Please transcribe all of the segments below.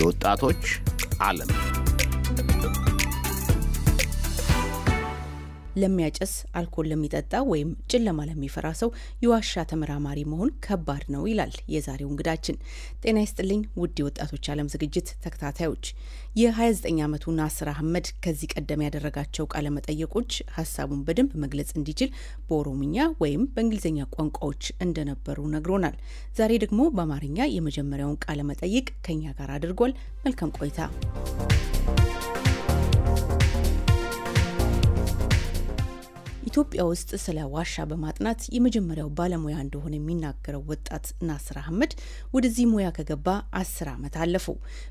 የወጣቶች ዓለም ለሚያጨስ፣ አልኮል ለሚጠጣ ወይም ጨለማ ለሚፈራ ሰው የዋሻ ተመራማሪ መሆን ከባድ ነው ይላል የዛሬው እንግዳችን። ጤና ይስጥልኝ ውድ የወጣቶች ዓለም ዝግጅት ተከታታዮች። የ29 ዓመቱ ናስር አህመድ ከዚህ ቀደም ያደረጋቸው ቃለመጠየቆች ሀሳቡን በደንብ መግለጽ እንዲችል በኦሮምኛ ወይም በእንግሊዝኛ ቋንቋዎች እንደነበሩ ነግሮናል። ዛሬ ደግሞ በአማርኛ የመጀመሪያውን ቃለመጠይቅ ከኛ ጋር አድርጓል። መልካም ቆይታ። ኢትዮጵያ ውስጥ ስለ ዋሻ በማጥናት የመጀመሪያው ባለሙያ እንደሆነ የሚናገረው ወጣት ናስር አህመድ ወደዚህ ሙያ ከገባ አስር ዓመት አለፉ።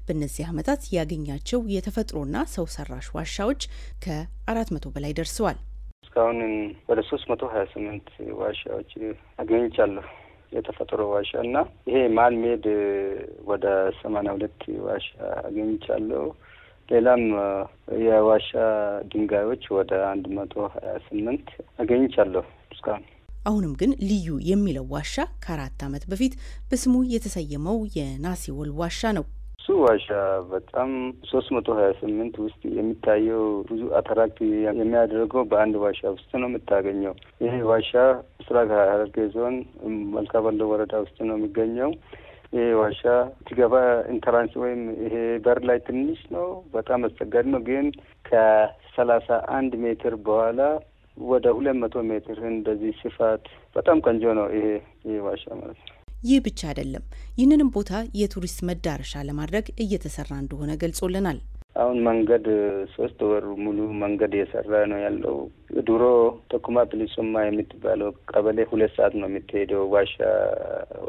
በእነዚህ ዓመታት ያገኛቸው የተፈጥሮና ሰው ሰራሽ ዋሻዎች ከአራት መቶ በላይ ደርሰዋል። እስካሁን ወደ ሶስት መቶ ሀያ ስምንት ዋሻዎች አገኝቻለሁ። የተፈጥሮ ዋሻ እና ይሄ ማንሜድ ወደ ሰማንያ ሁለት ዋሻ አገኝቻለሁ። ሌላም የዋሻ ድንጋዮች ወደ አንድ መቶ ሀያ ስምንት አገኝቻለሁ እስካሁን። አሁንም ግን ልዩ የሚለው ዋሻ ከአራት ዓመት በፊት በስሙ የተሰየመው የናሲወል ዋሻ ነው። እሱ ዋሻ በጣም ሶስት መቶ ሀያ ስምንት ውስጥ የሚታየው ብዙ አተራክት የሚያደርገው በአንድ ዋሻ ውስጥ ነው የምታገኘው። ይህ ዋሻ ምስራቅ ሐረርጌ ዞን መልካ ባለው ወረዳ ውስጥ ነው የሚገኘው። ዋሻ ትገባ ኢንተራንስ ወይም ይሄ በር ላይ ትንሽ ነው፣ በጣም አስቸጋሪ ነው። ግን ከሰላሳ አንድ ሜትር በኋላ ወደ ሁለት መቶ ሜትር እንደዚህ ስፋት በጣም ቆንጆ ነው ይሄ ይህ ዋሻ ማለት ነው። ይህ ብቻ አይደለም፣ ይህንንም ቦታ የቱሪስት መዳረሻ ለማድረግ እየተሰራ እንደሆነ ገልጾልናል። አሁን መንገድ ሶስት ወር ሙሉ መንገድ እየሰራ ነው ያለው። ድሮ ተኩማ ፕሊሱማ የምትባለው ቀበሌ ሁለት ሰዓት ነው የምትሄደው ዋሻ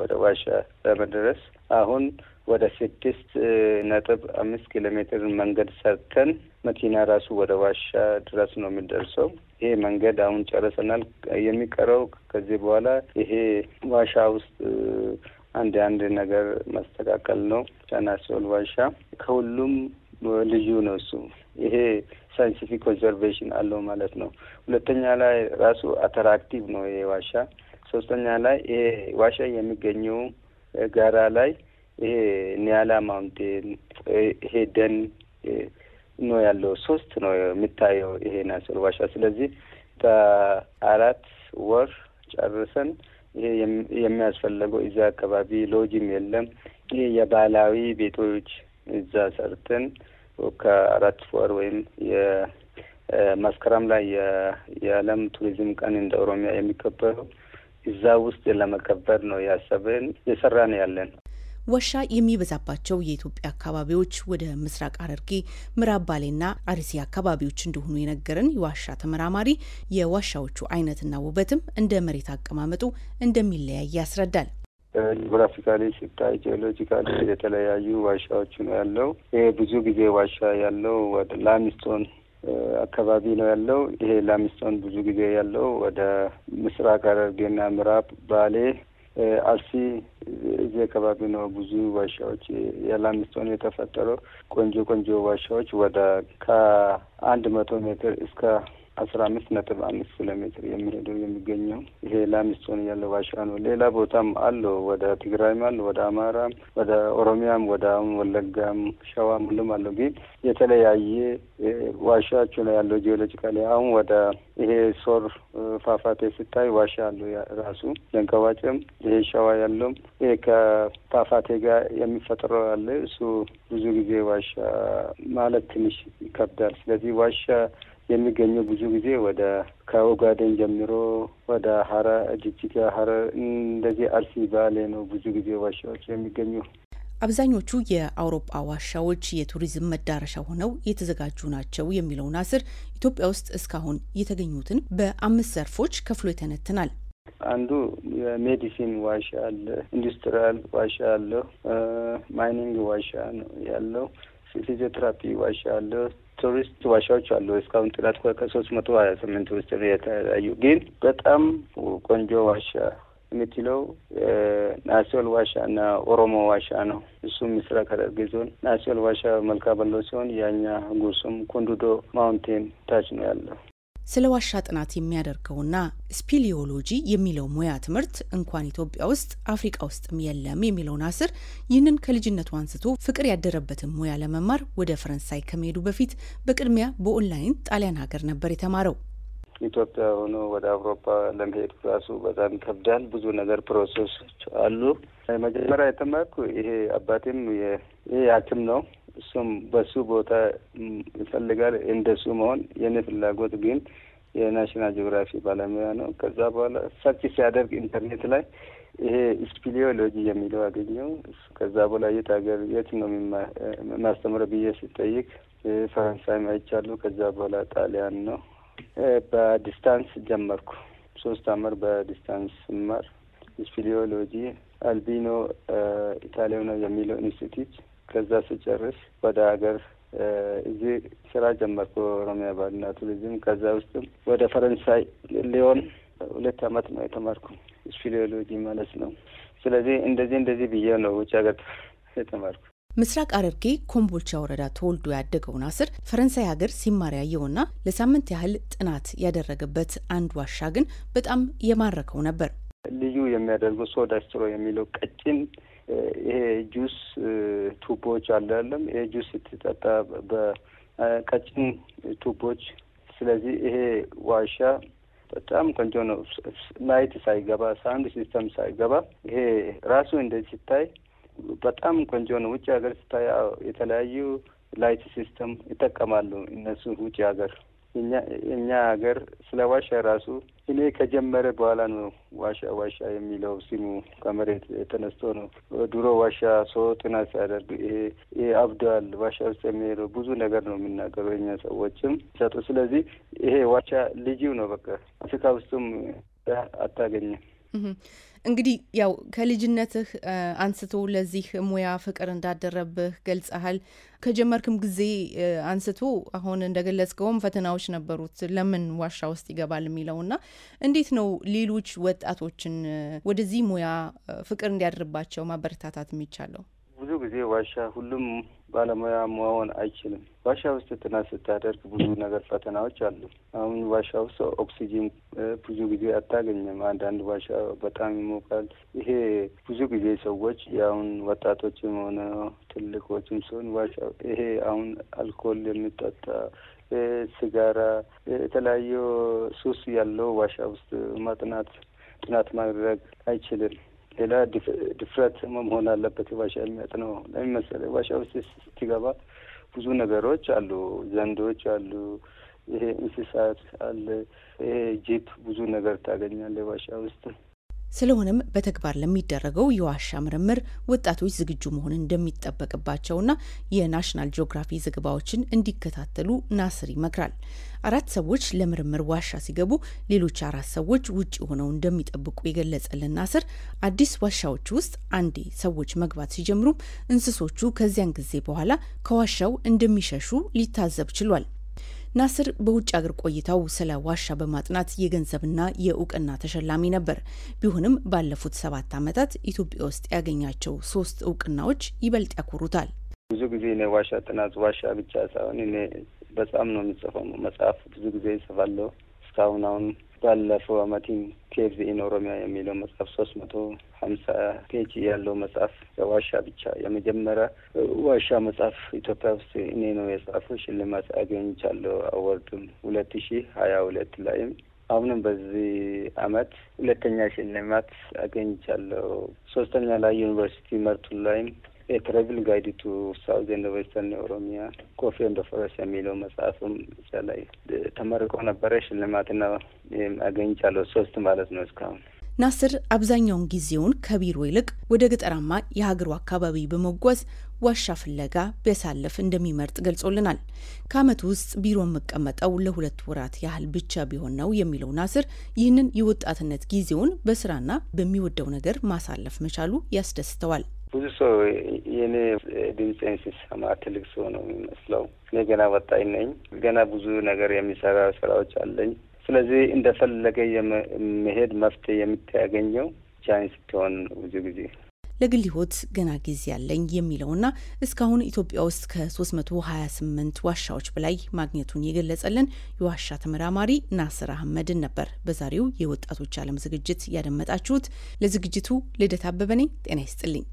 ወደ ዋሻ ለመድረስ አሁን ወደ ስድስት ነጥብ አምስት ኪሎ ሜትር መንገድ ሰርተን መኪና ራሱ ወደ ዋሻ ድረስ ነው የሚደርሰው። ይሄ መንገድ አሁን ጨርሰናል። የሚቀረው ከዚህ በኋላ ይሄ ዋሻ ውስጥ አንድ አንድ ነገር ማስተካከል ነው። ቻናሶል ዋሻ ከሁሉም ልዩ ነው። እሱ ይሄ ሳይንቲፊክ ኮንዘርቬሽን አለው ማለት ነው። ሁለተኛ ላይ ራሱ አተራክቲቭ ነው ይሄ ዋሻ። ሶስተኛ ላይ ይሄ ዋሻ የሚገኘው ጋራ ላይ ይሄ ኒያላ ማውንቴን ይሄ ደን ነው ያለው። ሶስት ነው የሚታየው ይሄ ናስል ዋሻ። ስለዚህ በአራት ወር ጨርሰን ይሄ የሚያስፈለገው እዚያ አካባቢ ሎጅም የለም። ይሄ የባህላዊ ቤቶች እዛ ሰርተን ከአራት ወር ወይም የመስከረም ላይ የዓለም ቱሪዝም ቀን እንደ ኦሮሚያ የሚከበረው እዛ ውስጥ ለመከበር ነው ያሰብን የሰራን ያለን። ወሻ የሚበዛባቸው የኢትዮጵያ አካባቢዎች ወደ ምስራቅ ሐረርጌ፣ ምዕራብ ባሌና አርሲ አካባቢዎች እንደሆኑ የነገረን የዋሻ ተመራማሪ የዋሻዎቹ አይነትና ውበትም እንደ መሬት አቀማመጡ እንደሚለያይ ያስረዳል። ጂኦግራፊካሊ ሲታይ ጂኦሎጂካሊ የተለያዩ ዋሻዎች ነው ያለው። ይሄ ብዙ ጊዜ ዋሻ ያለው ወደ ላሚስቶን አካባቢ ነው ያለው። ይሄ ላሚስቶን ብዙ ጊዜ ያለው ወደ ምስራቅ ሐረርጌና ምዕራብ ባሌ፣ አርሲ እዚህ አካባቢ ነው ብዙ ዋሻዎች የላሚስቶን የተፈጠረው ቆንጆ ቆንጆ ዋሻዎች ወደ ከአንድ መቶ ሜትር እስከ አስራ አምስት ነጥብ አምስት ኪሎ ሜትር የሚሄደው የሚገኘው ይሄ ላሚሶን ያለው ዋሻ ነው። ሌላ ቦታም አለው ወደ ትግራይም አለ ወደ አማራም ወደ ኦሮሚያም ወደ ወለጋም ሸዋም ሁሉም አለው። ግን የተለያየ ዋሻቸው ነው ያለው ጂኦሎጂካሊ። አሁን ወደ ይሄ ሶር ፏፏቴ ስታይ ዋሻ አለው ራሱ ደንከባጭም፣ ይሄ ሸዋ ያለውም ይሄ ከፏፏቴ ጋር የሚፈጥረው አለ። እሱ ብዙ ጊዜ ዋሻ ማለት ትንሽ ይከብዳል። ስለዚህ ዋሻ የሚገኙ ብዙ ጊዜ ወደ ከኦጋዴን ጀምሮ ወደ ሀረ ጅጅጋ፣ ሀረ እንደዚህ አርሲ፣ ባሌ ነው ብዙ ጊዜ ዋሻዎች የሚገኙ። አብዛኞቹ የአውሮፓ ዋሻዎች የቱሪዝም መዳረሻ ሆነው የተዘጋጁ ናቸው የሚለው ናስር ኢትዮጵያ ውስጥ እስካሁን የተገኙትን በአምስት ዘርፎች ከፍሎ ይተነትናል። አንዱ የሜዲሲን ዋሻ አለ፣ ኢንዱስትሪያል ዋሻ አለው፣ ማይኒንግ ዋሻ ነው ያለው፣ ፊዚዮቴራፒ ዋሻ አለው ቱሪስት ዋሻዎች አሉ። እስካሁን ጥናት ከሶስት መቶ ሀያ ስምንት ውስጥ ነው የተለያዩ። ግን በጣም ቆንጆ ዋሻ የምትለው ናሲዮል ዋሻ እና ኦሮሞ ዋሻ ነው። እሱም ምስራቅ ሐረርጌ ዞን ናሲዮል ዋሻ መልካ በሎ ሲሆን ያኛ ጉሱም ኮንዱዶ ማውንቴን ታች ነው ያለው። ስለ ዋሻ ጥናት የሚያደርገውና ስፒሊዮሎጂ የሚለው ሙያ ትምህርት እንኳን ኢትዮጵያ ውስጥ አፍሪቃ ውስጥም የለም የሚለውን አስር ይህንን ከልጅነቱ አንስቶ ፍቅር ያደረበትን ሙያ ለመማር ወደ ፈረንሳይ ከመሄዱ በፊት በቅድሚያ በኦንላይን ጣሊያን ሀገር ነበር የተማረው። ኢትዮጵያ ሆኖ ወደ አውሮፓ ለመሄድ ራሱ በጣም ይከብዳል። ብዙ ነገር ፕሮሰሶች አሉ። መጀመሪያ የተማርኩ ይሄ አባቴም ይሄ ሐኪም ነው እሱም በሱ ቦታ ይፈልጋል እንደሱ መሆን የኔ ፍላጎት ግን የናሽናል ጂኦግራፊ ባለሙያ ነው። ከዛ በኋላ ሰርች ሲያደርግ ኢንተርኔት ላይ ይሄ ስፒሊዮሎጂ የሚለው አገኘው። ከዛ በኋላ የት ሀገር የት ነው የማስተምረው ብዬ ስጠይቅ ፈረንሳይ አይቻሉ። ከዛ በኋላ ጣሊያን ነው በዲስታንስ ጀመርኩ። ሶስት አመት በዲስታንስ ስማር ስፒሊዮሎጂ አልቢኖ ነው የሚለው ኢንስቲትዩት ከዛ ስጨርስ ወደ ሀገር እዚህ ስራ ጀመርኩ ኦሮሚያ ባህልና ቱሪዝም። ከዛ ውስጥም ወደ ፈረንሳይ ሊዮን ሁለት አመት ነው የተማርኩ ስፒሊዮሎጂ ማለት ነው። ስለዚህ እንደዚህ እንደዚህ ብዬ ነው ውጭ ሀገር የተማርኩ። ምስራቅ ሐረርጌ ኮምቦልቻ ወረዳ ተወልዶ ያደገውን አስር ፈረንሳይ ሀገር ሲማር ያየውና ለሳምንት ያህል ጥናት ያደረገበት አንድ ዋሻ ግን በጣም የማረከው ነበር። ልዩ የሚያደርገው ሶዳ ስትሮ የሚለው ቀጭን ይሄ ጁስ ቱቦዎች አለለም ይሄ ጁስ ስትጠጣ በቀጭን ቱቦዎች ስለዚህ ይሄ ዋሻ በጣም ቆንጆ ነው። ላይት ሳይገባ ሳውንድ ሲስተም ሳይገባ ይሄ ራሱ እንደዚህ ሲታይ በጣም ቆንጆ ነው። ውጭ ሀገር ሲታይ የተለያዩ ላይት ሲስተም ይጠቀማሉ እነሱ ውጭ ሀገር የእኛ ሀገር ስለ ዋሻ ራሱ እኔ ከጀመረ በኋላ ነው ዋሻ ዋሻ የሚለው ሲሙ ከመሬት የተነስቶ ነው። ድሮ ዋሻ ሰው ጥናት ሲያደርግ ይሄ አብደዋል ዋሻ ውስጥ የሚሄደው ብዙ ነገር ነው የሚናገረው የኛ ሰዎችም ሰጡ። ስለዚህ ይሄ ዋሻ ልጅው ነው። በቃ አፍሪካ ውስጥም አታገኝም። እንግዲህ ያው ከልጅነትህ አንስቶ ለዚህ ሙያ ፍቅር እንዳደረብህ ገልጸሃል። ከጀመርክም ጊዜ አንስቶ አሁን እንደገለጽከውም ፈተናዎች ነበሩት፣ ለምን ዋሻ ውስጥ ይገባል የሚለው እና እንዴት ነው ሌሎች ወጣቶችን ወደዚህ ሙያ ፍቅር እንዲያድርባቸው ማበረታታት የሚቻለው? ጊዜ ዋሻ ሁሉም ባለሙያ መሆን አይችልም። ዋሻ ውስጥ ጥናት ስታደርግ ብዙ ነገር ፈተናዎች አሉ። አሁን ዋሻ ውስጥ ኦክሲጂን ብዙ ጊዜ አታገኝም። አንዳንድ ዋሻ በጣም ይሞቃል። ይሄ ብዙ ጊዜ ሰዎች የአሁን ወጣቶችም ሆነ ትልቆችም ሲሆን ዋሻ ይሄ አሁን አልኮል የሚጠጣ ሲጋራ፣ የተለያዩ ሱስ ያለው ዋሻ ውስጥ ማጥናት ጥናት ማድረግ አይችልም። ሌላ ድፍረት መሆን አለበት። የባሻ የሚያጥ ነው ለሚመሰለ የባሻ ውስጥ ስትገባ ብዙ ነገሮች አሉ፣ ዘንዶች አሉ፣ ይሄ እንስሳት አለ፣ ይሄ ጂፕ ብዙ ነገር ታገኛለህ የባሻ ውስጥ ስለሆነም በተግባር ለሚደረገው የዋሻ ምርምር ወጣቶች ዝግጁ መሆን እንደሚጠበቅባቸውና የናሽናል ጂኦግራፊ ዘገባዎችን እንዲከታተሉ ናስር ይመክራል። አራት ሰዎች ለምርምር ዋሻ ሲገቡ ሌሎች አራት ሰዎች ውጭ ሆነው እንደሚጠብቁ የገለጸልን ናስር አዲስ ዋሻዎች ውስጥ አንዴ ሰዎች መግባት ሲጀምሩም እንስሶቹ ከዚያን ጊዜ በኋላ ከዋሻው እንደሚሸሹ ሊታዘብ ችሏል። ናስር በውጭ አገር ቆይታው ስለ ዋሻ በማጥናት የገንዘብና የእውቅና ተሸላሚ ነበር። ቢሆንም ባለፉት ሰባት ዓመታት ኢትዮጵያ ውስጥ ያገኛቸው ሶስት እውቅናዎች ይበልጥ ያኮሩታል። ብዙ ጊዜ እኔ ዋሻ ጥናት ዋሻ ብቻ ሳይሆን እኔ በጣም ነው የምጽፈው። መጽሐፍ ብዙ ጊዜ ይጽፋለሁ። እስካሁን አሁን ባለፈው አመቲም ኬቭዝ ኢን ኦሮሚያ የሚለው መጽሐፍ ሶስት መቶ ሀምሳ ፔጅ ያለው መጽሐፍ ዋሻ ብቻ የመጀመሪያ ዋሻ መጽሐፍ ኢትዮጵያ ውስጥ እኔ ነው የጻፈው። ሽልማት አገኝቻለሁ አወርዱም ሁለት ሺ ሀያ ሁለት ላይም አሁንም በዚህ አመት ሁለተኛ ሽልማት አገኝቻለሁ። ሶስተኛ ላይ ዩኒቨርሲቲ መርቱ ላይም ኤ ትራቭል ጋይድ ቱ ሳውዝ ኤንድ ዌስተርን ኦሮሚያ ኮፊ ኤንድ ፎረስ የሚለው መጽሐፍም እዛ ላይ ተመርቆ ነበረ። ሽልማትና አገኝቻለሁ ሶስት ማለት ነው። እስካሁን ናስር አብዛኛውን ጊዜውን ከቢሮ ይልቅ ወደ ገጠራማ የሀገሩ አካባቢ በመጓዝ ዋሻ ፍለጋ ቢያሳልፍ እንደሚመርጥ ገልጾልናል። ከዓመት ውስጥ ቢሮ የምቀመጠው ለሁለት ወራት ያህል ብቻ ቢሆን ነው የሚለው ናስር ይህንን የወጣትነት ጊዜውን በስራና በሚወደው ነገር ማሳለፍ መቻሉ ያስደስተዋል። ብዙ ሰው የእኔ ድምፄን ሲሰማ ትልቅ ሰው ነው የሚመስለው። እኔ ገና ወጣኝ ነኝ። ገና ብዙ ነገር የሚሰራ ስራዎች አለኝ። ስለዚህ እንደፈለገ የመሄድ መፍትሄ የምታገኘው ቻይን ስትሆን ብዙ ጊዜ ለግል ህይወት ገና ጊዜ ያለኝ የሚለውና እስካሁን ኢትዮጵያ ውስጥ ከ328 ዋሻዎች በላይ ማግኘቱን የገለጸልን የዋሻ ተመራማሪ ናስር አህመድን ነበር በዛሬው የወጣቶች ዓለም ዝግጅት ያደመጣችሁት። ለዝግጅቱ ልደት አበበ ነኝ። ጤና ይስጥልኝ።